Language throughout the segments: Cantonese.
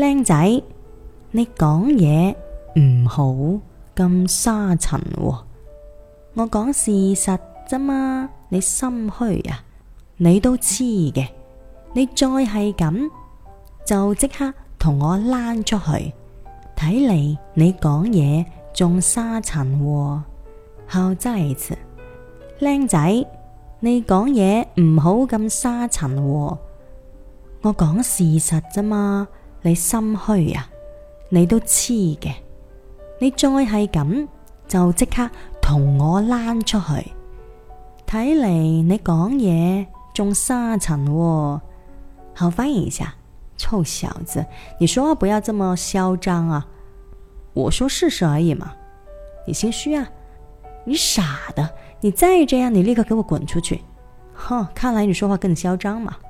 靚仔，你講嘢唔好咁沙塵喎。我講事實啫嘛，你心虛啊？你都痴嘅。你再係咁，就即刻同我躝出去。睇嚟你講嘢仲沙塵喎。後真係，靚仔，你講嘢唔好咁沙塵喎。我講事實啫嘛。你心虛啊？你都黐嘅？你再係咁，就即刻同我躝出去。睇嚟你講嘢仲沙塵喎。好，翻譯一下，臭小子，你說話不要這麼囂張啊！我說事實而已嘛。你心虛啊？你傻的？你再這樣，你立刻給我滾出去！哼，看來你說話更囂張嘛，啊。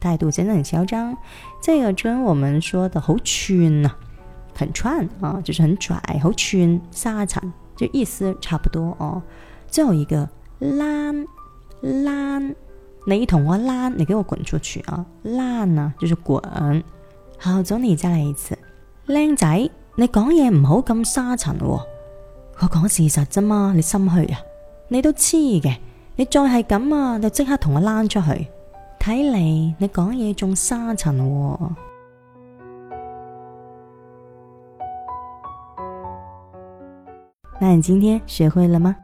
態度真的很囂張，這個跟我們說的好串啊，很串啊，就是很拽，好串沙塵，就意思差不多哦。最後一個，躝躝，你同我躝，你給我滾出去啊！躝啊，就是滾，嚇咗你真係，僆仔，你講嘢唔好咁沙塵喎，我講事實啫嘛，你心虛啊？你都黐嘅，你再係咁啊，就即刻同我躝出去。睇嚟你講嘢仲沙塵喎。哦，那你今天學會了嗎？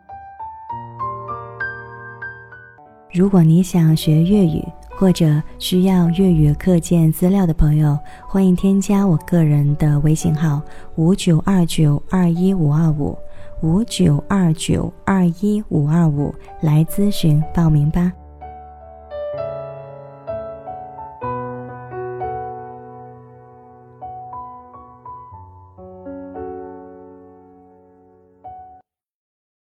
如果你想學粵語或者需要粵語課件資料的朋友，歡迎添加我個人的微信號五九二九二一五二五五九二九二一五二五來諮詢報名吧。